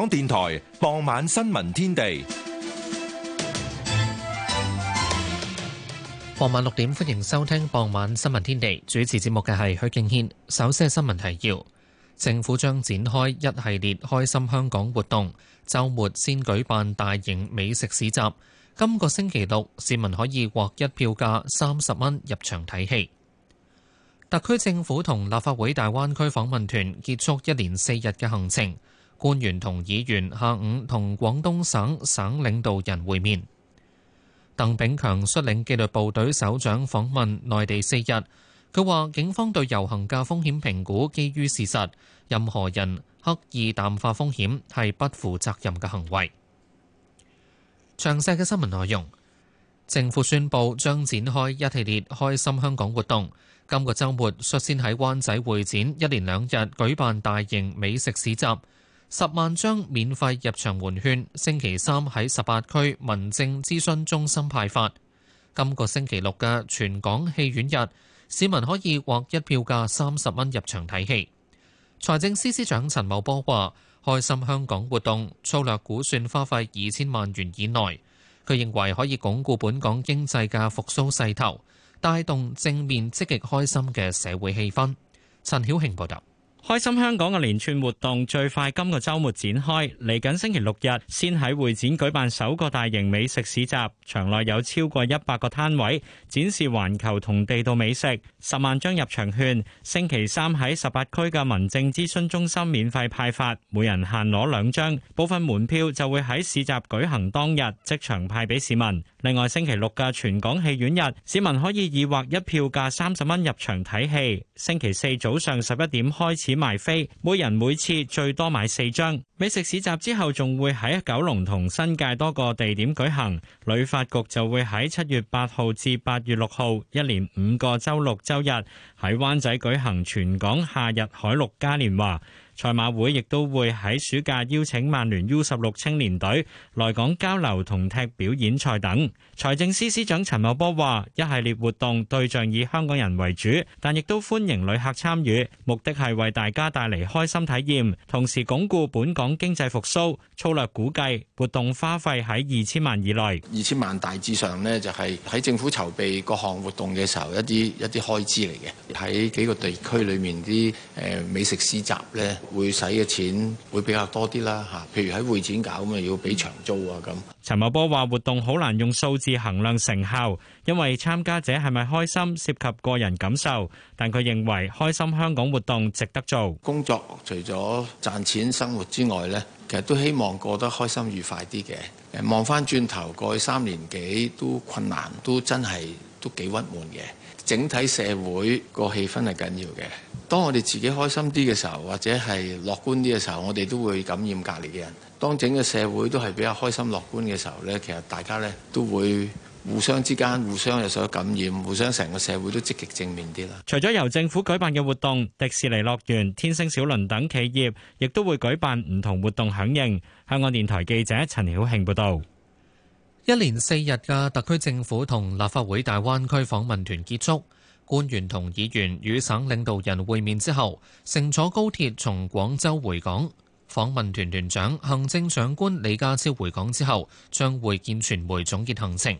香港電台傍晚新聞天地，傍晚六點歡迎收聽傍晚新聞天地。主持節目嘅係許敬軒。首先係新聞提要：政府將展開一系列開心香港活動，周末先舉辦大型美食市集。今個星期六，市民可以獲一票價三十蚊入場睇戲。特區政府同立法會大灣區訪問團結束一連四日嘅行程。官員同議員下午同廣東省省領導人會面。鄧炳強率領紀律部隊首長訪問內地四日。佢話警方對遊行嘅風險評估基於事實，任何人刻意淡化風險係不負責任嘅行為。詳細嘅新聞內容，政府宣布將展開一系列開心香港活動。今個周末率先喺灣仔會展一連兩日舉辦大型美食市集。十萬張免費入場門券，星期三喺十八區民政諮詢中心派發。今個星期六嘅全港戲院日，市民可以獲一票價三十蚊入場睇戲。財政司司長陳茂波話，開心香港活動粗略估算花費二千萬元以內，佢認為可以鞏固本港經濟嘅復甦勢頭，帶動正面積極開心嘅社會氣氛。陳曉慶報道。開心香港嘅連串活動最快今個周末展開，嚟緊星期六日先喺會展舉辦首個大型美食市集，場內有超過一百個攤位展示環球同地道美食，十萬張入場券星期三喺十八區嘅民政諮詢中心免費派發，每人限攞兩張，部分門票就會喺市集舉行當日即場派俾市民。另外星期六嘅全港戲院日，市民可以以劃一票價三十蚊入場睇戲。星期四早上十一點開始。只賣飛，每人每次最多買四張。美食市集之後，仲會喺九龍同新界多個地點舉行。旅發局就會喺七月八號至八月六號，一年五個周六周日喺灣仔舉行全港夏日海陸嘉年華。賽馬會亦都會喺暑假邀請曼聯 U 十六青年隊來港交流同踢表演賽等。財政司司長陳茂波話，一系列活動對象以香港人為主，但亦都歡迎旅客參與，目的係為大家帶嚟開心體驗，同時鞏固本港經濟復蘇。粗略估計，活動花費喺二千萬以內。二千萬大致上呢，就係喺政府籌備各項活動嘅時候一啲一啲開支嚟嘅，喺幾個地區裏面啲誒美食市集呢。會使嘅錢會比較多啲啦嚇，譬如喺會展搞咁，咪要俾長租啊咁。陳茂波話：活動好難用數字衡量成效，因為參加者係咪開心涉及個人感受，但佢認為開心香港活動值得做。工作除咗賺錢生活之外呢，其實都希望過得開心愉快啲嘅。望翻轉頭過去三年幾都困難，都真係都幾鬱悶嘅。整體社會個氣氛係緊要嘅。當我哋自己開心啲嘅時候，或者係樂觀啲嘅時候，我哋都會感染隔離嘅人。當整個社會都係比較開心樂觀嘅時候咧，其實大家咧都會互相之間、互相有所感染，互相成個社會都積極正面啲啦。除咗由政府舉辦嘅活動，迪士尼樂園、天星小輪等企業亦都會舉辦唔同活動響應。香港電台記者陳曉慶報導。一連四日嘅特區政府同立法會大灣區訪問團結束。官員同議員與省領導人會面之後，乘坐高鐵從廣州回港。訪問團團長、行政長官李家超回港之後，將會見傳媒總結行程。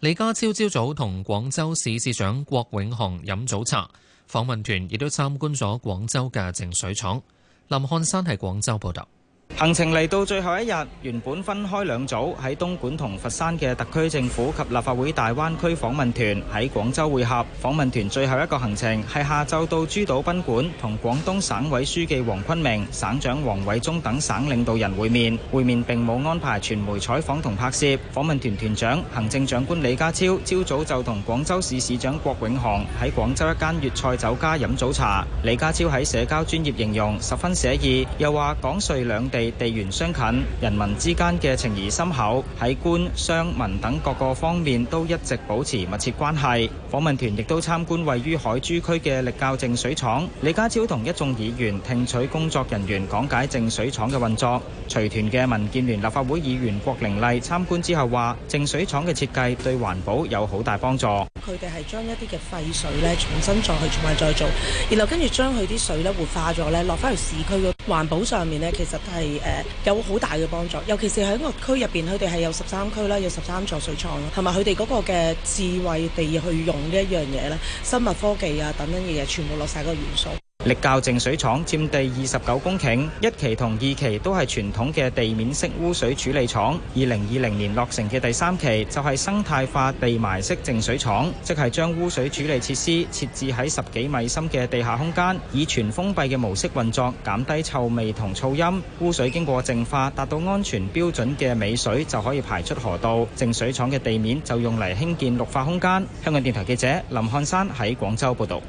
李家超朝早，早同廣州市市長郭永航飲早茶，訪問團亦都參觀咗廣州嘅淨水廠。林漢山喺廣州報道。行程嚟到最後一日，原本分開兩組喺東莞同佛山嘅特區政府及立法會大灣區訪問團喺廣州會合。訪問團最後一個行程係下晝到珠島賓館同廣東省委書記黃坤明、省長王偉中等省領導人會面。會面並冇安排傳媒採訪同拍攝。訪問團團長、行政長官李家超朝早就同廣州市市長郭永航喺廣州一間粵菜酒家飲早茶。李家超喺社交專業形容十分寫意，又話港穗兩地地緣相近，人民之間嘅情誼深厚，喺官、商、民等各個方面都一直保持密切關係。訪問團亦都參觀位於海珠區嘅瀝滘淨水廠，李家超同一眾議員聽取工作人員講解淨水廠嘅運作。隨團嘅民建聯立法會議員郭玲麗參觀之後話：淨水廠嘅設計對環保有好大幫助。佢哋係將一啲嘅廢水咧，重新再去做埋再做，然後跟住將佢啲水咧活化咗咧，落翻去市區嘅環保上面咧，其實係誒、呃、有好大嘅幫助。尤其是喺個區入邊，佢哋係有十三區啦，有十三座水廠啦，同埋佢哋嗰個嘅智慧地去用呢一樣嘢啦，生物科技啊等等嘢，全部落晒個元素。瀝滘淨水廠佔地二十九公頃，一期同二期都係傳統嘅地面式污水處理廠。二零二零年落成嘅第三期就係生態化地埋式淨水廠，即係將污水處理設施設置喺十幾米深嘅地下空間，以全封閉嘅模式運作，減低臭味同噪音。污水經過淨化，達到安全標準嘅尾水就可以排出河道。淨水廠嘅地面就用嚟興建綠化空間。香港電台記者林漢山喺廣州報導。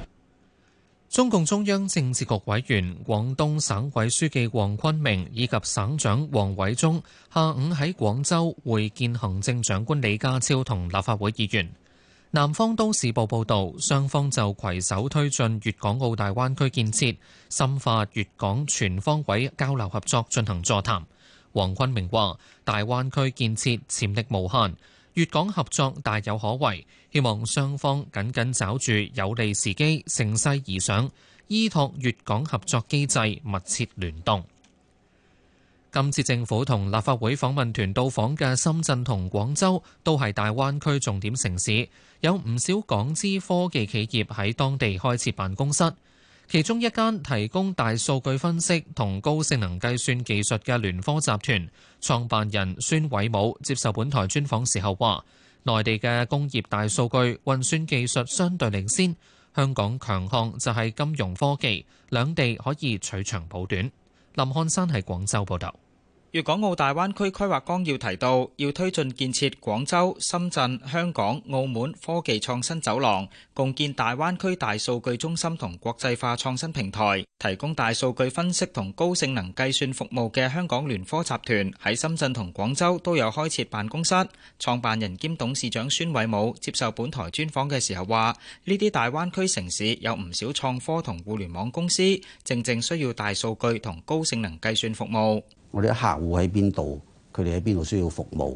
中共中央政治局委員、廣東省委書記黃坤明以及省長王偉忠下午喺廣州會見行政長官李家超同立法會議員。南方都市報報道，雙方就携手推進粵港澳大灣區建設、深化粵港全方位交流合作進行座談，黃坤明話：大灣區建設潛力無限。粵港合作大有可為，希望雙方緊緊抓住有利時機乘勢而上，依託粵港合作機制，密切聯動。今次政府同立法會訪問團到訪嘅深圳同廣州，都係大灣區重點城市，有唔少港資科技企業喺當地開設辦公室。其中一間提供大數據分析同高性能計算技術嘅聯科集團創辦人孫偉武接受本台專訪時候話，內地嘅工業大數據運算技術相對領先，香港強項就係金融科技，兩地可以取長補短。林漢山喺廣州報道。粵港澳大灣區規劃綱要提到，要推進建設廣州、深圳、香港、澳門科技創新走廊，共建大灣區大數據中心同國際化創新平台，提供大數據分析同高性能計算服務嘅香港聯科集團喺深圳同廣州都有開設辦公室。創辦人兼董事長孫偉武接受本台專訪嘅時候話，呢啲大灣區城市有唔少創科同互聯網公司，正正需要大數據同高性能計算服務。我哋啲客戶喺邊度，佢哋喺邊度需要服務，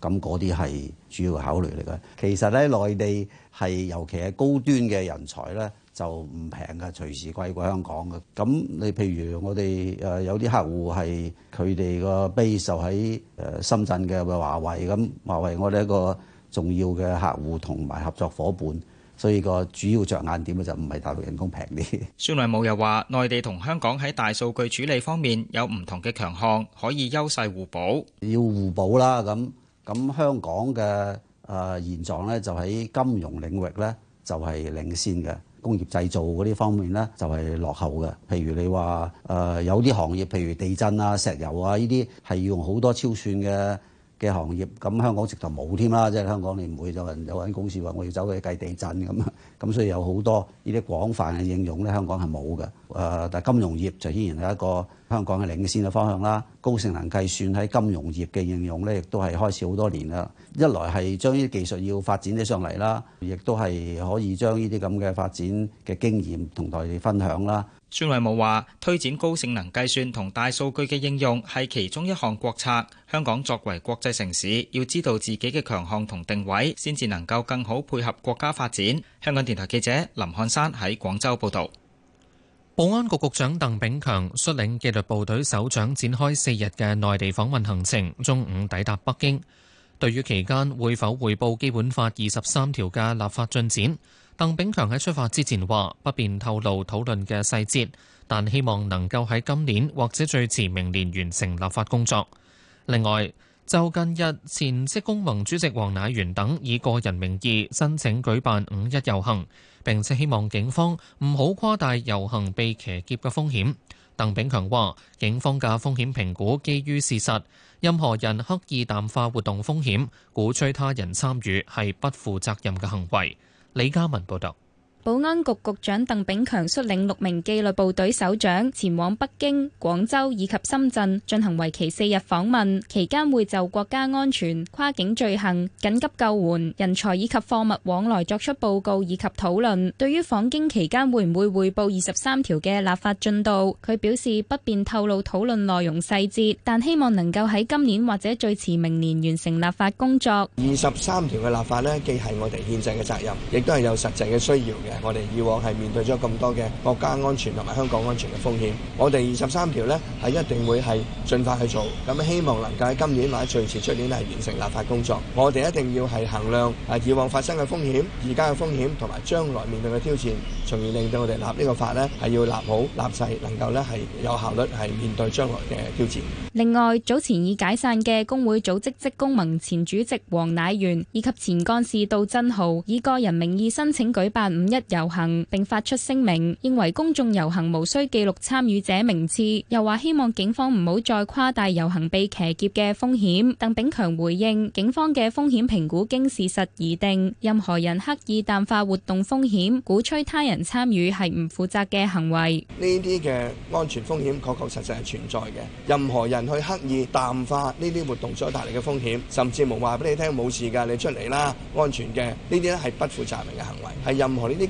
咁嗰啲係主要考慮嚟嘅。其實咧，內地係尤其係高端嘅人才咧，就唔平嘅，隨時貴過香港嘅。咁你譬如我哋誒有啲客戶係佢哋個 base 喺誒深圳嘅華為，咁華為我哋一個重要嘅客戶同埋合作伙伴。所以個主要着眼點咧就唔係大陸人工平啲。孫雲母又話：內地同香港喺大數據處理方面有唔同嘅強項，可以優勢互補。要互補啦，咁咁香港嘅誒、呃、現狀咧，就喺金融領域咧就係領先嘅，工業製造嗰啲方面咧就係落後嘅。譬如你話誒、呃、有啲行業，譬如地震啊、石油啊呢啲，係要用好多超算嘅。嘅行業，咁香港直頭冇添啦，即係香港你唔會有人有人公司話我要走去計地震咁，咁所以有好多呢啲廣泛嘅應用咧，香港係冇嘅。誒，但係金融業就依然係一個香港嘅領先嘅方向啦。高性能計算喺金融業嘅應用咧，亦都係開始好多年啦。一來係將呢啲技術要發展起上嚟啦，亦都係可以將呢啲咁嘅發展嘅經驗同佢哋分享啦。孫偉武話，推展高性能計算同大數據嘅應用係其中一項國策。香港作為國際城市，要知道自己嘅強項同定位，先至能夠更好配合國家發展。香港電台記者林漢山喺廣州報道。保安局局長鄧炳強率領紀律部隊首長展開四日嘅內地訪問行程，中午抵達北京。對於期間會否匯報《基本法》二十三條嘅立法進展？鄧炳強喺出發之前話，不便透露討論嘅細節，但希望能夠喺今年或者最遲明年完成立法工作。另外，就近日前，職工盟主席黃乃元等以個人名義申請舉辦五一遊行，並且希望警方唔好誇大遊行被騎劫嘅風險。鄧炳強話，警方嘅風險評估基於事實，任何人刻意淡化活動風險、鼓吹他人參與係不負責任嘅行為。李嘉文報道。保安局局長鄧炳強率領六名紀律部隊首長前往北京、廣州以及深圳進行為期四日訪問，期間會就國家安全、跨境罪行、緊急救援、人才以及貨物往來作出報告以及討論。對於訪京期間會唔會匯報二十三條嘅立法進度，佢表示不便透露討論內容細節，但希望能夠喺今年或者最遲明年完成立法工作。二十三條嘅立法呢，既係我哋憲制嘅責任，亦都係有實際嘅需要嘅。我哋以往係面對咗咁多嘅國家安全同埋香港安全嘅風險，我哋二十三條呢係一定會係盡快去做，咁希望能夠喺今年或者最遲出年係完成立法工作。我哋一定要係衡量係以往發生嘅風險、而家嘅風險同埋將來面對嘅挑戰，從而令到我哋立呢個法呢係要立好、立細，能夠呢係有效率係面對將來嘅挑戰。另外，早前已解散嘅工會組織職工盟前主席黃乃元以及前幹事杜振豪，以個人名義申請舉辦五一遊行，並發出聲明，認為公眾遊行無需記錄參與者名次，又話希望警方唔好再誇大遊行被騎劫嘅風險。鄧炳強回應：警方嘅風險評估經事實而定，任何人刻意淡化活動風險、鼓吹他人參與係唔負責嘅行為。呢啲嘅安全風險確確實實係存在嘅，任何人去刻意淡化呢啲活動所帶嚟嘅風險，甚至無話俾你聽冇事噶，你出嚟啦，安全嘅呢啲咧係不負責任嘅行為，係任何呢啲。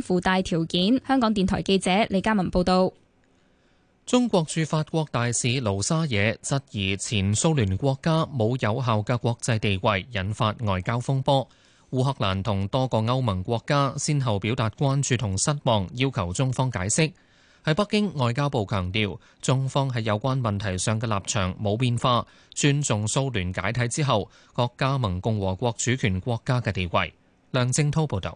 附帶條件。香港電台記者李嘉文報道，中國駐法國大使盧沙野質疑前蘇聯國家冇有有效嘅國際地位，引發外交風波。烏克蘭同多個歐盟國家先後表達關注同失望，要求中方解釋。喺北京，外交部強調，中方喺有關問題上嘅立場冇變化，尊重蘇聯解體之後各加盟共和國主權國家嘅地位。梁正濤報道。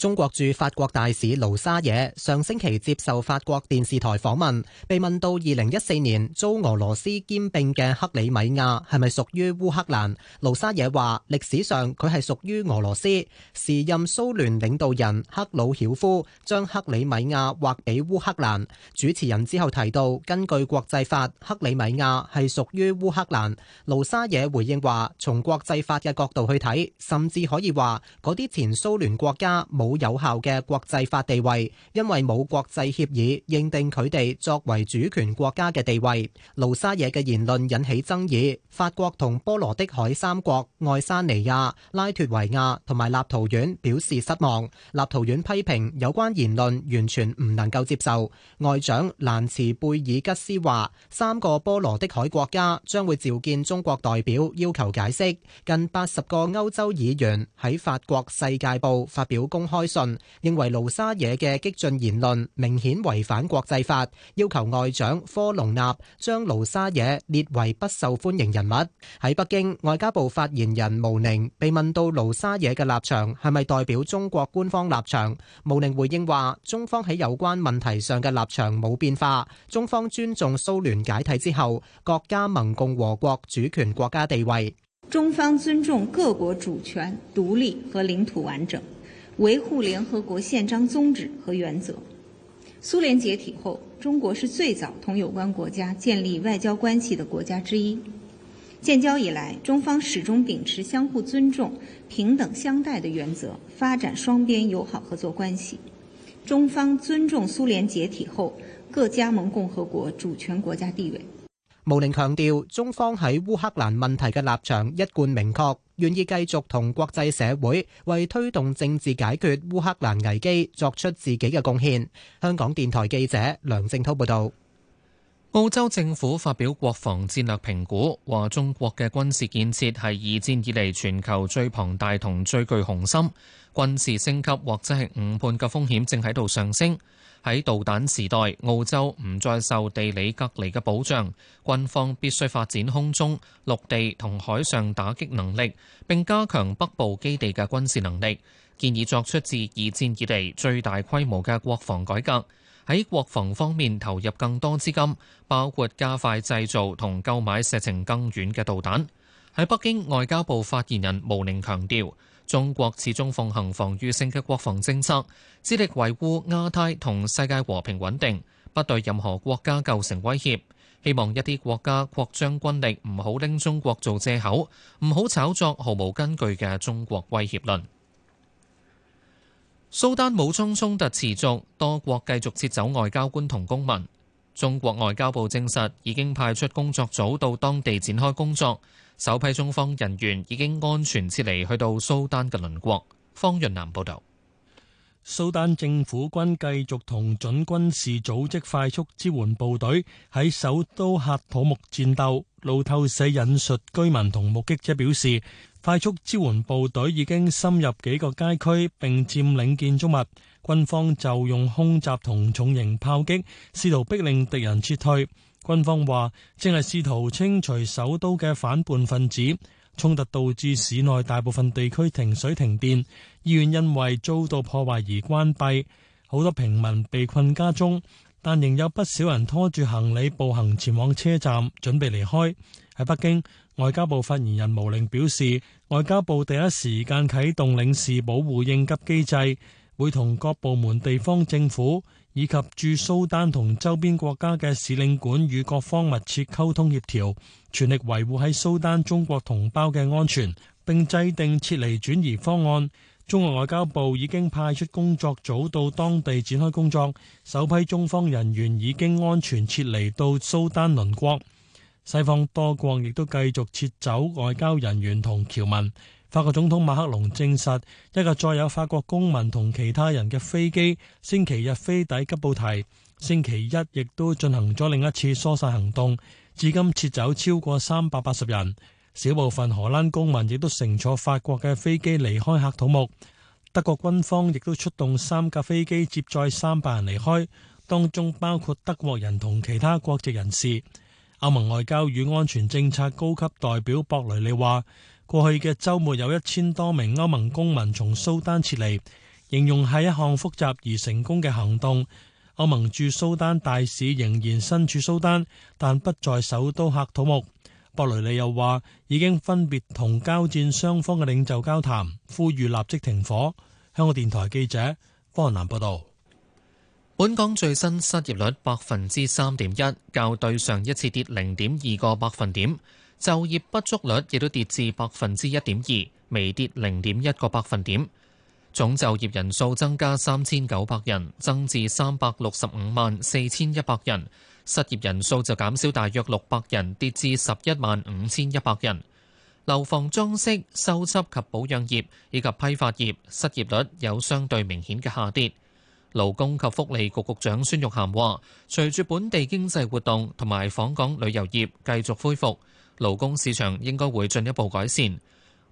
中國駐法國大使盧沙野上星期接受法國電視台訪問，被問到二零一四年遭俄羅斯兼併嘅克里米亞係咪屬於烏克蘭？盧沙野話歷史上佢係屬於俄羅斯。時任蘇聯領導人赫魯曉夫將克里米亞劃俾烏克蘭。主持人之後提到，根據國際法，克里米亞係屬於烏克蘭。盧沙野回應話，從國際法嘅角度去睇，甚至可以話嗰啲前蘇聯國家冇。冇有效嘅國際法地位，因為冇國際協議認定佢哋作為主權國家嘅地位。盧沙野嘅言論引起爭議，法國同波羅的海三國愛沙尼亞、拉脱維亞同埋立陶宛表示失望。立陶宛批評有關言論完全唔能夠接受。外長蘭茨貝爾吉斯話：三個波羅的海國家將會召見中國代表要求解釋。近八十個歐洲議員喺法國《世界報》發表公開。開信認為盧沙野嘅激進言論明顯違反國際法，要求外長科隆納將盧沙野列為不受歡迎人物。喺北京，外交部發言人毛寧被問到盧沙野嘅立場係咪代表中國官方立場？毛寧回應話，中方喺有關問題上嘅立場冇變化，中方尊重蘇聯解體之後各加盟共和國主權國家地位。中方尊重各國主權、獨立和領土完整。維護聯合國憲章宗旨和原則。蘇聯解體後，中國是最早同有關國家建立外交關係的國家之一。建交以來，中方始終秉持相互尊重、平等相待的原則，發展雙邊友好合作關係。中方尊重蘇聯解體後各加盟共和國主權國家地位。毛寧強調，中方喺烏克蘭問題嘅立場一貫明確。願意繼續同國際社會為推動政治解決烏克蘭危機作出自己嘅貢獻。香港電台記者梁正滔報道。澳洲政府發表國防戰略評估，話中國嘅軍事建設係二戰以嚟全球最龐大同最具雄心，軍事升級或者係誤判嘅風險正喺度上升。喺導彈時代，澳洲唔再受地理隔離嘅保障，軍方必須發展空中、陸地同海上打擊能力，並加強北部基地嘅軍事能力。建議作出自二戰以嚟最大規模嘅國防改革，喺國防方面投入更多資金，包括加快製造同購買射程更遠嘅導彈。喺北京，外交部發言人毛寧強調。中國始終奉行防禦性嘅國防政策，致力維護亞太同世界和平穩定，不對任何國家構成威脅。希望一啲國家擴張軍力，唔好拎中國做借口，唔好炒作毫無根據嘅中國威脅論。蘇丹武裝衝突持續，多國繼續撤走外交官同公民。中國外交部證實已經派出工作組到當地展開工作。首批中方人員已經安全撤離，去到蘇丹嘅鄰國。方潤南報導，蘇丹政府軍繼續同準軍事組織快速支援部隊喺首都喀土木戰鬥。路透社引述居民同目擊者表示，快速支援部隊已經深入幾個街區並佔領建築物，軍方就用空襲同重型炮擊試圖逼令敵人撤退。軍方話，正係試圖清除首都嘅反叛分子。衝突導致市內大部分地區停水停電，醫院因為遭到破壞而關閉，好多平民被困家中，但仍有不少人拖住行李步行前往車站準備離開。喺北京，外交部發言人毛寧表示，外交部第一時間啟動領事保護應急機制。會同各部門、地方政府以及駐蘇丹同周邊國家嘅使領館與各方密切溝通協調，全力維護喺蘇丹中國同胞嘅安全，並制定撤離轉移方案。中國外交部已經派出工作組到當地展開工作，首批中方人員已經安全撤離到蘇丹鄰國。西方多國亦都繼續撤走外交人員同僑民。法國總統馬克龍證實，一架載有法國公民同其他人嘅飛機星期日飛抵吉布提，星期一亦都進行咗另一次疏散行動，至今撤走超過三百八十人。小部分荷蘭公民亦都乘坐法國嘅飛機離開喀土木。德國軍方亦都出動三架飛機接載三百人離開，當中包括德國人同其他國籍人士。歐盟外交與安全政策高級代表博雷利話。過去嘅周末有一千多名歐盟公民從蘇丹撤離，形容係一項複雜而成功嘅行動。歐盟駐蘇丹大使仍然身處蘇丹，但不在首都喀土木。博雷利又話已經分別同交戰雙方嘅領袖交談，呼籲立即停火。香港電台記者方文瀾報道。本港最新失業率百分之三點一，較對上一次跌零點二個百分點。就業不足率亦都跌至百分之一點二，微跌零點一個百分點。總就業人數增加三千九百人，增至三百六十五萬四千一百人。失業人數就減少大約六百人，跌至十一萬五千一百人。樓房裝飾、修葺及保養業以及批發業失業率有相對明顯嘅下跌。勞工及福利局局長孫玉菡話，隨住本地經濟活動同埋訪港旅遊業繼續恢復，勞工市場應該會進一步改善。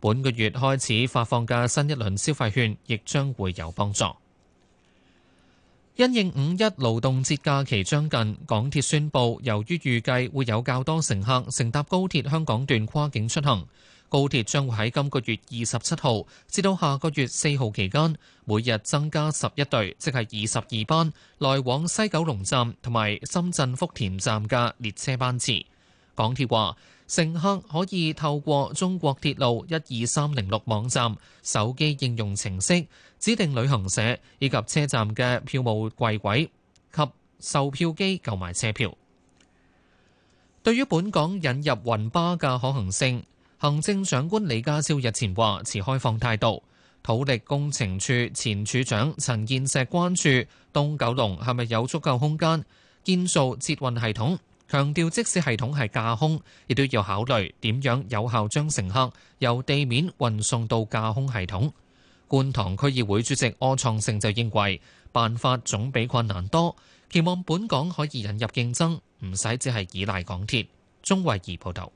本個月開始發放嘅新一輪消費券，亦將會有幫助。因應五一勞動節假期將近，港鐵宣布，由於預計會有較多乘客乘搭高鐵香港段跨境出行，高鐵將會喺今個月二十七號至到下個月四號期間，每日增加十一對，即係二十二班來往西九龍站同埋深圳福田站嘅列車班次。港鐵話，乘客可以透過中國鐵路一二三零六網站、手機應用程式、指定旅行社以及車站嘅票務櫃位及售票機購買車票。對於本港引入雲巴嘅可行性，行政長官李家超日前話持開放態度。土力工程處前處長陳建石關注東九龍係咪有足夠空間建造捷運系統，強調，強調即使系統係架空，亦都要考慮點樣有效將乘客由地面運送到架空系統。觀塘區議會主席柯創盛就認為，辦法總比困難多，期望本港可以引入競爭，唔使只係依賴港鐵。鍾慧儀報道。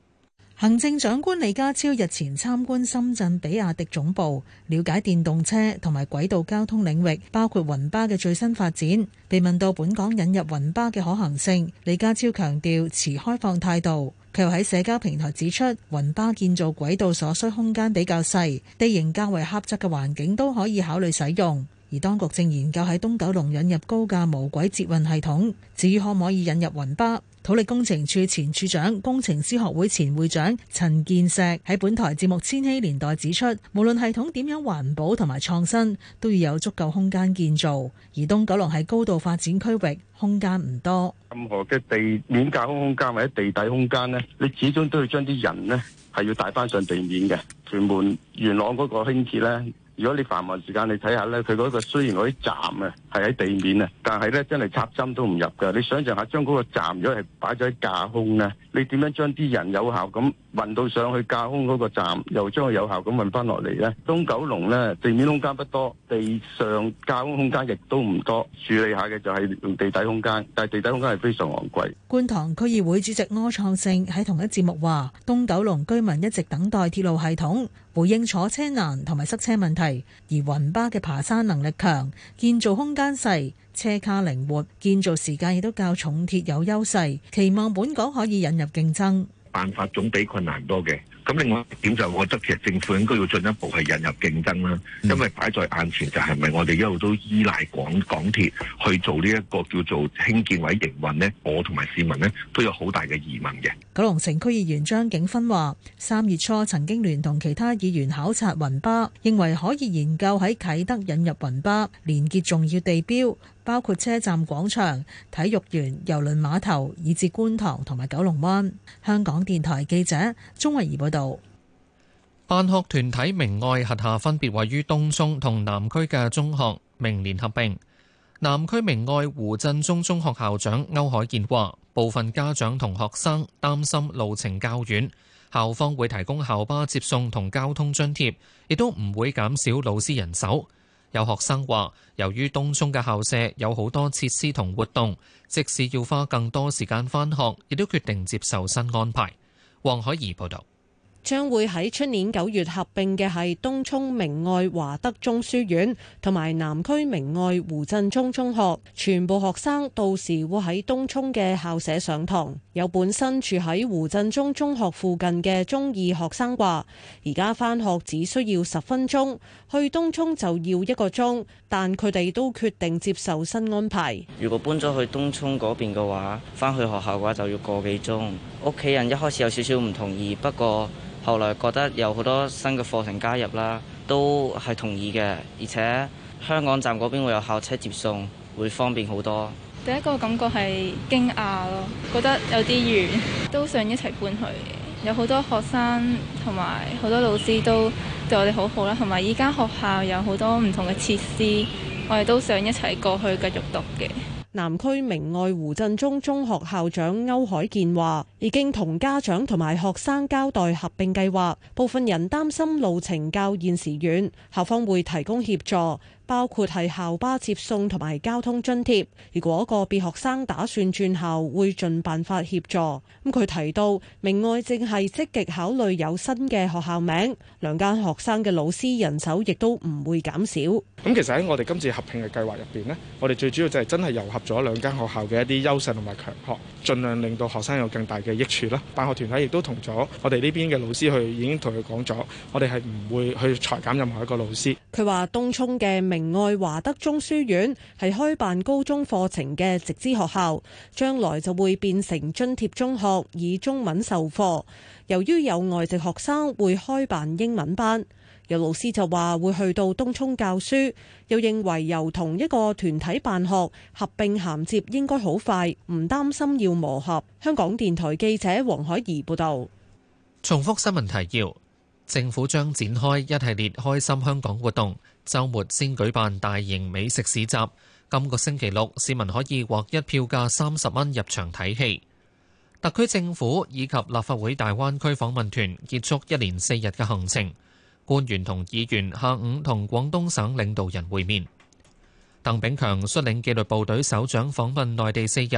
行政長官李家超日前參觀深圳比亞迪總部，了解電動車同埋軌道交通領域，包括雲巴嘅最新發展。被問到本港引入雲巴嘅可行性，李家超強調持開放態度。佢又喺社交平台指出，雲巴建造軌道所需空間比較細，地形較為狹窄嘅環境都可以考慮使用。而當局正研究喺東九龍引入高價無軌捷運系統，至於可唔可以引入雲巴？土力工程處前處長、工程師學會前會長陳建石喺本台節目《千禧年代》指出，無論系統點樣環保同埋創新，都要有足夠空間建造。而東九龍係高度發展區域，空間唔多。任何嘅地、地面架空空間或者地底空間呢，你始終都要將啲人呢，係要帶翻上地面嘅。屯門、元朗嗰個輕鐵呢。如果你繁忙時間你睇下呢，佢嗰個雖然嗰啲站啊，係喺地面啊，但係呢真係插針都唔入㗎。你想像下，將嗰個站如果係擺咗喺架空咧，你點樣將啲人有效咁？運到上去架空嗰個站，又將佢有效咁運翻落嚟呢。東九龍呢，地面空間不多，地上架空空間亦都唔多，處理下嘅就係用地底空間，但係地底空間係非常昂貴。觀塘區議會主席柯創盛喺同一節目話，東九龍居民一直等待鐵路系統，回應坐車難同埋塞車問題。而雲巴嘅爬山能力強，建造空間細，車卡靈活，建造時間亦都較重鐵有優勢，期望本港可以引入競爭。辦法總比困難多嘅，咁另外一點就我覺得其實政府應該要進一步去引入競爭啦，因為擺在眼前就係咪我哋一路都依賴港港鐵去做呢一個叫做興建或者營運呢？我同埋市民呢，都有好大嘅疑問嘅。九龍城區議員張景芬話：三月初曾經聯同其他議員考察雲巴，認為可以研究喺啟德引入雲巴，連結重要地標。包括車站廣場、體育園、郵輪碼頭，以至觀塘同埋九龍灣。香港電台記者鍾慧儀報道。辦學團體明愛轄下分別位於東涌同南區嘅中學，明年合併。南區明愛胡振中中學校長歐海健話：部分家長同學生擔心路程較遠，校方會提供校巴接送同交通津貼，亦都唔會減少老師人手。有學生話，由於東涌嘅校舍有好多設施同活動，即使要花更多時間返學，亦都決定接受新安排。黃海怡報導。將會喺出年九月合併嘅係東涌明愛華德中書院同埋南區明愛胡振中中學，全部學生到時會喺東涌嘅校舍上堂。有本身住喺胡振中中學附近嘅中二學生話，而家返學只需要十分鐘，去東涌就要一個鐘，但佢哋都決定接受新安排。如果搬咗去東涌嗰邊嘅話，翻去學校嘅話就要個幾鐘。屋企人一開始有少少唔同意，不過。後來覺得有好多新嘅課程加入啦，都係同意嘅。而且香港站嗰邊會有校車接送，會方便好多。第一個感覺係驚訝咯，覺得有啲遠，都想一齊搬去。有好多學生同埋好多老師都對我哋好好啦，同埋依間學校有好多唔同嘅設施，我哋都想一齊過去繼續讀嘅。南區明愛胡振中中學校長歐海健話：已經同家長同埋學生交代合併計劃，部分人擔心路程較現時遠，校方會提供協助。包括係校巴接送同埋交通津貼。如果個別學生打算轉校，會盡辦法協助。咁佢提到，明愛正係積極考慮有新嘅學校名，兩間學生嘅老師人手亦都唔會減少。咁其實喺我哋今次合併嘅計劃入邊咧，我哋最主要就係真係糅合咗兩間學校嘅一啲優勢同埋強項，盡量令到學生有更大嘅益處啦。辦學團體亦都同咗我哋呢邊嘅老師去，已經同佢講咗，我哋係唔會去裁減任何一個老師。佢話東涌嘅明。愛華德中書院係開辦高中課程嘅直資學校，將來就會變成津貼中學，以中文授課。由於有外籍學生會開辦英文班，有老師就話會去到東涌教書，又認為由同一個團體辦學合併銜接應該好快，唔擔心要磨合。香港電台記者黃海怡報道。重複新聞提要。政府將展開一系列開心香港活動，週末先舉辦大型美食市集。今個星期六，市民可以劃一票價三十蚊入場睇戲。特區政府以及立法會大灣區訪問團結束一連四日嘅行程，官員同議員下午同廣東省領導人會面。鄧炳強率領紀律部隊首長訪問內地四日，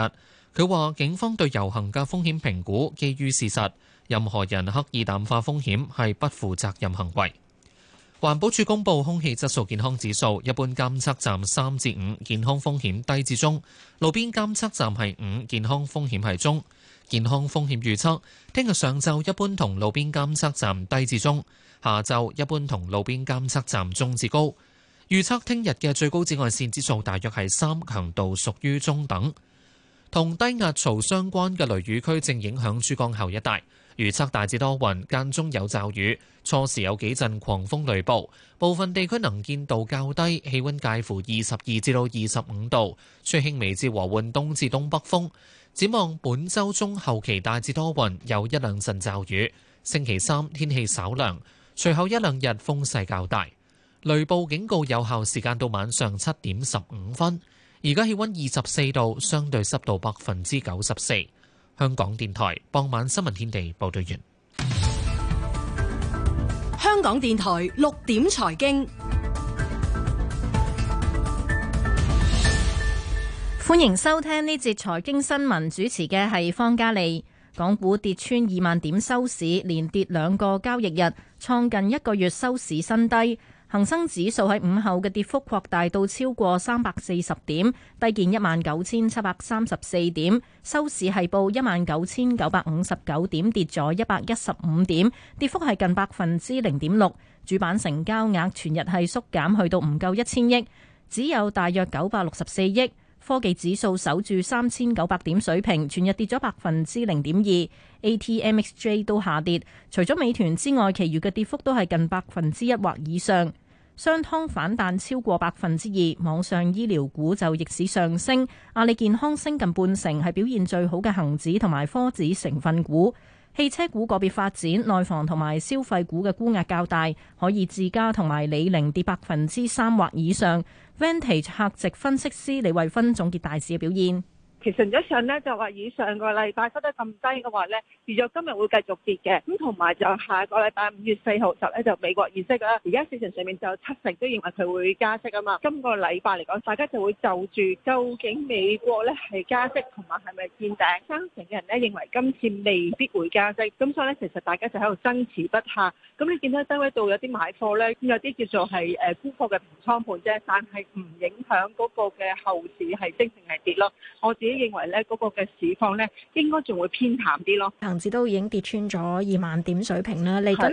佢話警方對遊行嘅風險評估基於事實。任何人刻意淡化風險，係不負責任行為。環保署公布空氣質素健康指數，一般監測站三至五，健康風險低至中；路邊監測站係五，健康風險係中。健康風險預測聽日上晝一般同路邊監測站低至中，下晝一般同路邊監測站中至高。預測聽日嘅最高紫外線指數大約係三，強度屬於中等。同低壓槽相關嘅雷雨區正影響珠江口一帶。預測大致多雲，間中有驟雨，初時有幾陣狂風雷暴，部分地區能見度較低，氣溫介乎二十二至到二十五度，吹輕微至和緩東至東北風。展望本周中後期大致多雲，有一兩陣驟雨。星期三天氣稍涼，隨後一兩日風勢較大，雷暴警告有效時間到晚上七點十五分。而家氣溫二十四度，相對濕度百分之九十四。香港電台傍晚新聞天地報導員。香港電台六點財經，歡迎收聽呢節財經新聞，主持嘅係方嘉利。港股跌穿二萬點收市，連跌兩個交易日，創近一個月收市新低。恒生指數喺午後嘅跌幅擴大到超過三百四十點，低見一萬九千七百三十四點，收市係報一萬九千九百五十九點，跌咗一百一十五點，跌幅係近百分之零點六。主板成交額全日係縮減去到唔夠一千億，只有大約九百六十四億。科技指數守住三千九百點水平，全日跌咗百分之零點二。ATMXJ 都下跌，除咗美團之外，其餘嘅跌幅都係近百分之一或以上。商湯反彈超過百分之二，網上醫療股就逆市上升，阿里健康升近半成，係表現最好嘅恒指同埋科指成分股。汽車股個別發展，內房同埋消費股嘅沽壓較大，可以自家同埋李寧跌百分之三或以上。Vantage 客席分析師李慧芬總結大市嘅表現。其實一上咧就話以上個禮拜收得咁低嘅話咧，預咗今日會繼續跌嘅，咁同埋就下個禮拜五月四號就咧就美國議息啦。而家市場上面就有七成都認為佢會加息啊嘛。今個禮拜嚟講，大家就會就住究竟美國咧係加息同埋係咪見頂，三成嘅人咧認為今次未必會加息。咁所以咧，其實大家就喺度爭持不下。咁你見到低位度有啲買貨咧，有啲叫做係誒沽貨嘅平倉盤啫，但係唔影響嗰個嘅後市係升定係跌咯。我自己。我認為咧，嗰個嘅市況咧，應該仲會偏淡啲咯。恒指都已經跌穿咗二萬點水平啦，嚟緊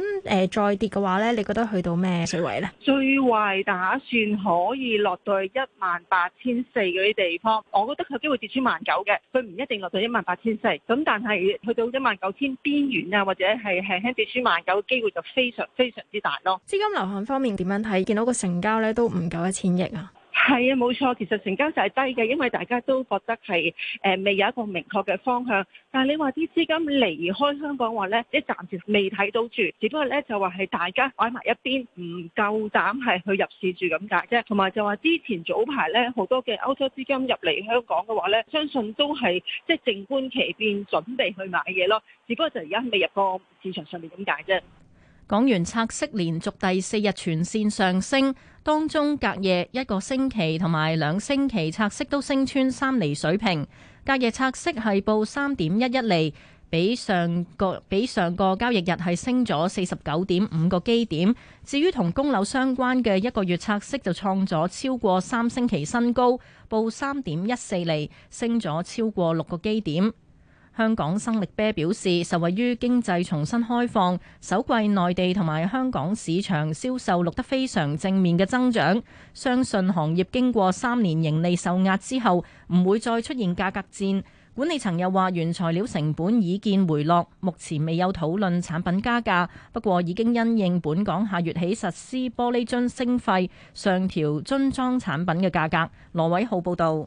誒再跌嘅話咧，你覺得去到咩水位咧？最壞打算可以落到去一萬八千四嗰啲地方，我覺得佢有機會跌穿萬九嘅，佢唔一定落到一萬八千四。咁但係去到一萬九千邊緣啊，或者係係輕輕跌穿萬九嘅機會就非常非常之大咯。資金流向方面點樣睇？見到個成交咧都唔夠一千億啊。係啊，冇錯，其實成交就係低嘅，因為大家都覺得係誒、呃、未有一個明確嘅方向。但係你話啲資金離開香港話呢，即係暫時未睇到住，只不過呢，就話係大家擺埋一邊，唔夠膽係去入市住咁解啫。同埋就話之前早排呢，好多嘅歐洲資金入嚟香港嘅話呢，相信都係即係靜觀其變，準備去買嘢咯。只不過就而家未入個市場上面咁解啫。港元拆息連續第四日全線上升，當中隔夜一個星期同埋兩星期拆息都升穿三釐水平。隔夜拆息係報三點一一釐，比上個，比上個交易日係升咗四十九點五個基點。至於同供樓相關嘅一個月拆息就創咗超過三星期新高，報三點一四釐，升咗超過六個基點。香港生力啤表示，受惠於經濟重新開放，首季內地同埋香港市場銷售錄得非常正面嘅增長，相信行業經過三年盈利受壓之後唔會再出現價格戰，管理層又話原材料成本已見回落，目前未有討論產品加價，不過已經因應本港下月起實施玻璃樽升費上調樽裝產品嘅價格。羅偉浩報道。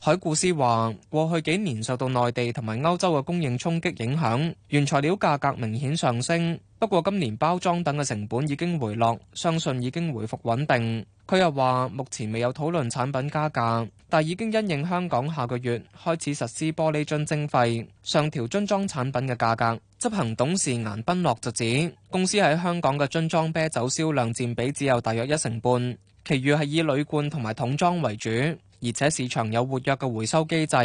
海固斯話，過去幾年受到內地同埋歐洲嘅供應衝擊影響，原材料價格明顯上升。不過今年包裝等嘅成本已經回落，相信已經回復穩定。佢又話，目前未有討論產品加價，但已經因應香港下個月開始實施玻璃樽徵費，上調樽裝產品嘅價格。執行董事顏賓洛就指，公司喺香港嘅樽裝啤酒銷量佔比只有大約一成半。其餘係以鋁罐同埋桶裝為主，而且市場有活躍嘅回收機制，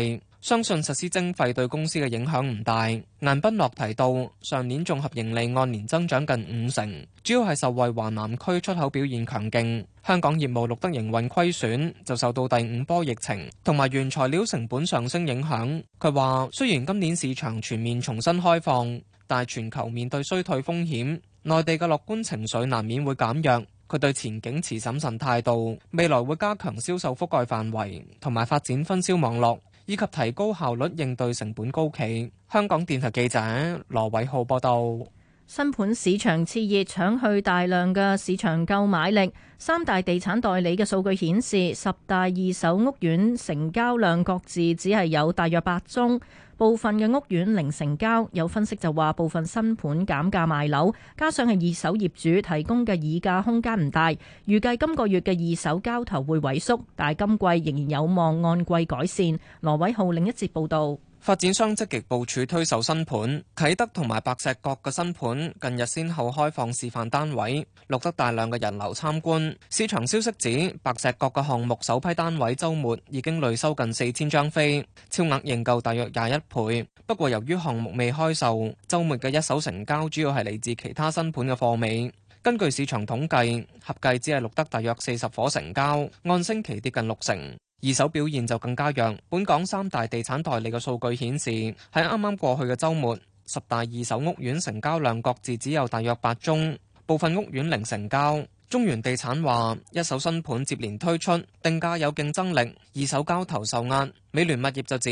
相信實施徵費對公司嘅影響唔大。顏斌樂提到，上年綜合盈利按年增長近五成，主要係受惠華南區出口表現強勁。香港業務錄得營運虧損，就受到第五波疫情同埋原材料成本上升影響。佢話：雖然今年市場全面重新開放，但全球面對衰退風險，內地嘅樂觀情緒難免會減弱。佢對前景持審慎態度，未來會加強銷售覆蓋範圍，同埋發展分銷網絡，以及提高效率應對成本高企。香港電台記者羅偉浩報道，新盤市場熾熱搶去大量嘅市場購買力。三大地產代理嘅數據顯示，十大二手屋苑成交量各自只係有大約八宗。部分嘅屋苑零成交，有分析就話部分新盤減價賣樓，加上係二手業主提供嘅議價空間唔大，預計今個月嘅二手交投會萎縮，但係今季仍然有望按季改善。羅偉浩另一節報道。發展商積極部署推售新盤，啟德同埋白石角嘅新盤近日先後開放示範單位，錄得大量嘅人流參觀。市場消息指，白石角嘅項目首批單位週末已經累收近四千張飛，超額認購大約廿一倍。不過由於項目未開售，週末嘅一手成交主要係嚟自其他新盤嘅貨尾。根據市場統計，合計只係錄得大約四十伙成交，按星期跌近六成。二手表現就更加弱。本港三大地產代理嘅數據顯示，喺啱啱過去嘅周末，十大二手屋苑成交量各自只有大約八宗，部分屋苑零成交。中原地產話，一手新盤接連推出，定價有競爭力，二手交投受壓。美聯物業就指，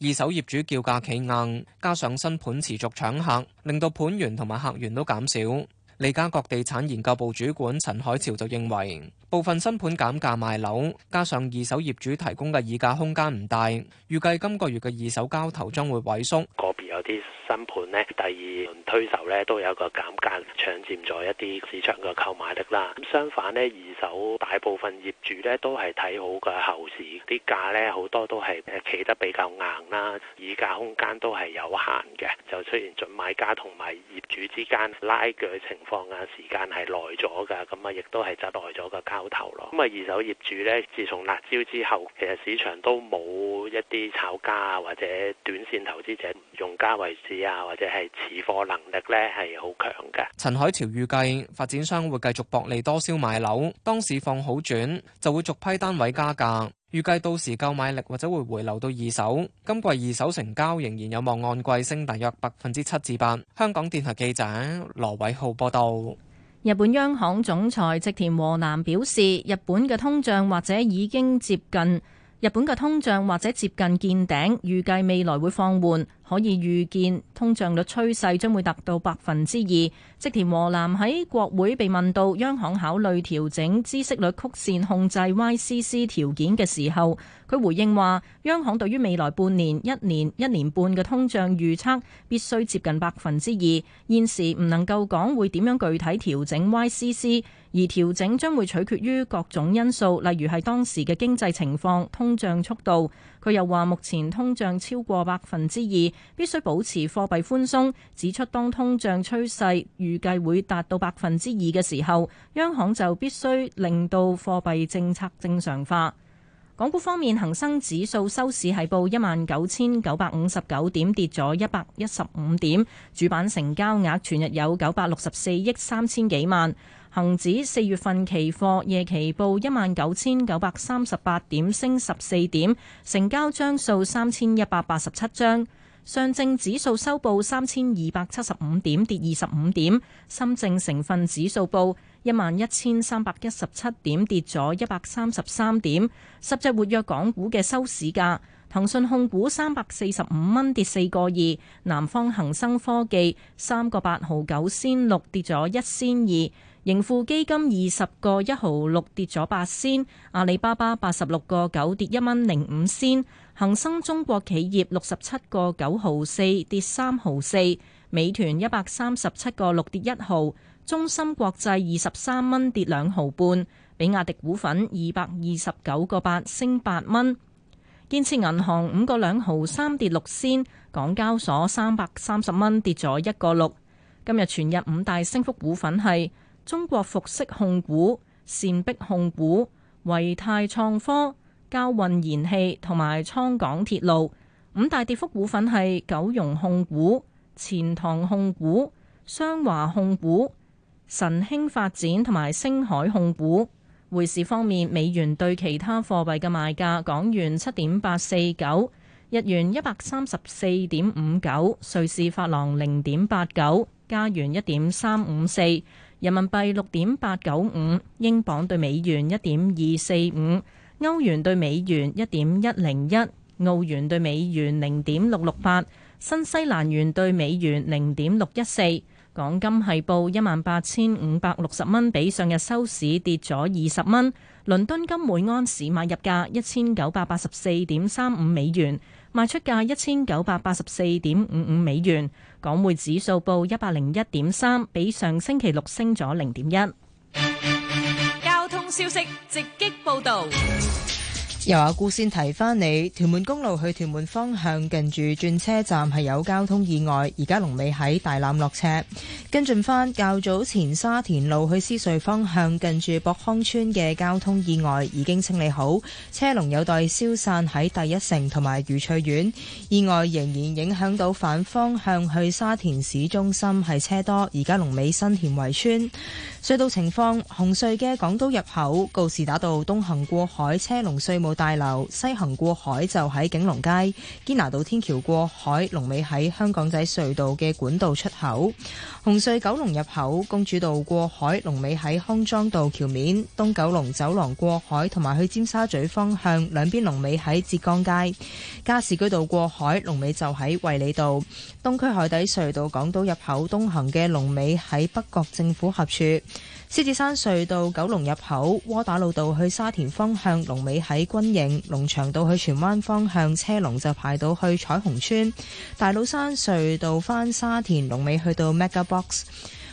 二手業主叫價企硬，加上新盤持續搶客，令到盤源同埋客源都減少。利嘉閣地產研究部主管陳海潮就認為，部分新盤減價賣樓，加上二手業主提供嘅議價空間唔大，預計今個月嘅二手交投將會萎縮。新盤咧，第二輪推售咧，都有一個減價搶佔咗一啲市場嘅購買力啦。相反咧，二手大部分業主咧都係睇好個後市，啲價咧好多都係企得比較硬啦，議價空間都係有限嘅，就出現準買家同埋業主之間拉鋸嘅情況啊，時間係耐咗㗎，咁啊亦都係擠耐咗個交投咯。咁啊，二手業主咧，自從辣招之後，其實市場都冇一啲炒家或者短線投資者用家為主。啊，或者係持貨能力咧，係好強嘅。陳海潮預計發展商會繼續薄利多銷賣樓，當市況好轉就會逐批單位加價。預計到時購買力或者會回流到二手。今季二手成交仍然有望按季升，大約百分之七至八。香港電台記者羅偉浩報道。日本央行總裁植田和男表示，日本嘅通脹或者已經接近日本嘅通脹或者接近見頂，預計未來會放緩。可以預見通脹率趨勢將會達到百分之二。植田和男喺國會被問到央行考慮調整孳息率曲線控制 YCC 條件嘅時候，佢回應話：央行對於未來半年、一年、一年半嘅通脹預測必須接近百分之二。現時唔能夠講會點樣具體調整 YCC，而調整將會取決於各種因素，例如係當時嘅經濟情況、通脹速度。佢又話：目前通脹超過百分之二，必須保持貨幣寬鬆。指出當通脹趨勢預計會達到百分之二嘅時候，央行就必須令到貨幣政策正常化。港股方面，恒生指數收市係報一萬九千九百五十九點，跌咗一百一十五點。主板成交額全日有九百六十四億三千幾萬。恒指四月份期貨夜期報一萬九千九百三十八點，升十四點，成交張數三千一百八十七張。上證指數收報三千二百七十五點，跌二十五點。深證成分指數報一萬一千三百一十七點，跌咗一百三十三點。十隻活躍港股嘅收市價，騰訊控股三百四十五蚊，跌四個二；南方恒生科技三個八毫九仙六，跌咗一仙二。盈富基金二十個一毫六跌咗八仙，阿里巴巴八十六個九跌一蚊零五仙，恒生中國企業六十七個九毫四跌三毫四，美團一百三十七個六跌一毫，中芯國際二十三蚊跌兩毫半，比亞迪股份二百二十九個八升八蚊，建設銀行五個兩毫三跌六仙，港交所三百三十蚊跌咗一個六。今日全日五大升幅股份係。中國服飾控股、善壁控股、維泰創科、交運燃氣同埋倉港鐵路。五大跌幅股份係九融控股、錢塘控股、雙華控股、神興發展同埋星海控股。匯市方面，美元對其他貨幣嘅賣價：港元七點八四九，日元一百三十四點五九，瑞士法郎零點八九，加元一點三五四。人民幣六點八九五，英鎊對美元一點二四五，歐元對美元一點一零一，澳元對美元零點六六八，新西蘭元對美元零點六一四。港金係報一萬八千五百六十蚊，比上日收市跌咗二十蚊。倫敦金每安士買入價一千九百八十四點三五美元，賣出價一千九百八十四點五五美元。港匯指數報一百零一點三，比上星期六升咗零點一。交通消息直擊報道。又話先提翻你，屯門公路去屯門方向近住轉車站係有交通意外，而家龍尾喺大欖落車。跟進返較早前沙田路去獅隧方向近住博康村嘅交通意外已經清理好，車龍有待消散喺第一城同埋愉翠苑。意外仍然影響到反方向去沙田市中心係車多，而家龍尾新田圍村隧道情況，紅隧嘅港島入口告士打道東行過海車龍雖無。大樓西行過海就喺景隆街堅拿道天橋過海，龍尾喺香港仔隧道嘅管道出口。紅隧九龍入口，公主道過海龍尾喺康莊道橋面，東九龍走廊過海同埋去尖沙咀方向兩邊龍尾喺浙江街，加士居道過海龍尾就喺衛理道，東區海底隧道港島入口東行嘅龍尾喺北角政府合署，獅子山隧道九龍入口窩打老道去沙田方向龍尾喺軍營，龍翔道去荃灣方向車龍就排到去彩虹村大老山隧道返沙田龍尾去到 m a c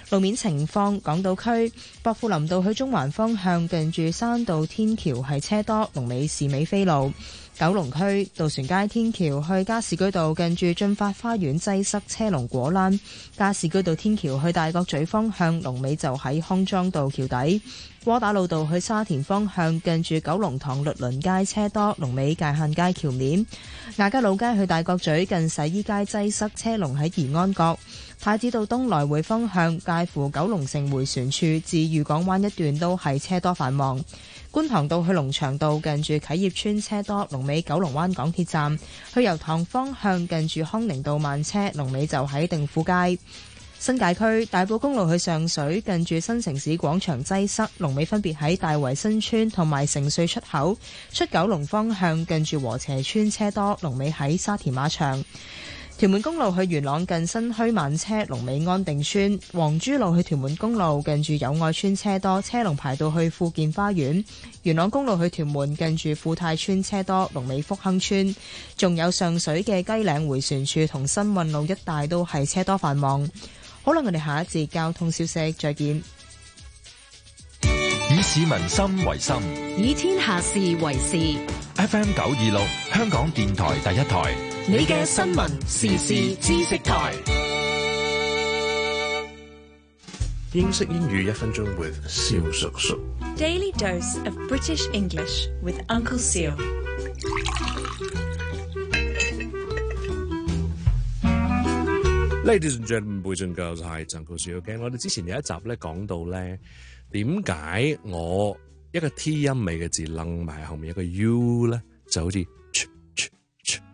路面情況：港島區薄扶林道去中環方向，近住山道天橋係車多；龍尾是美飛路。九龍區渡船街天橋去加士居道，近住駿發花園擠塞車，車龍果欄。加士居道天橋去大角咀方向，龍尾就喺康莊道橋底。窩打老道去沙田方向，近住九龍塘律倫街車多，龍尾界限街橋面。亞皆老街去大角咀近洗衣街擠塞車，車龍喺怡安角。太子道東來回方向，介乎九龍城迴旋處至御港灣一段都係車多繁忙。觀塘道去龍翔道近住啟業村車多，龍尾九龍灣港鐵站；去油塘方向近住康寧道慢車，龍尾就喺定富街。新界區大埔公路去上水近住新城市廣場擠塞，龍尾分別喺大圍新村同埋城隧出口。出九龍方向近住禾輋村車多，龍尾喺沙田馬場。屯門公路去元朗近新墟，晚車龍尾安定村，黃珠路去屯門公路近住友愛村車多，車多車龍排到去富健花園；元朗公路去屯門近住富泰村，車多龍尾福亨村。仲有上水嘅雞嶺回旋處同新運路一帶都係車多繁忙。好啦，我哋下一節交通消息再見。以市民心為心，以天下事為事。FM 九二六，香港電台第一台。你嘅新聞時事知識台，英式英語一分鐘 with 肖叔叔。Daily dose of British English with Uncle Seal。呢段節目背盡教材，盡夠小驚。我哋之前有一集咧講到咧，點解我一個 T 音尾嘅字楞埋後面一個 U 咧，就好似。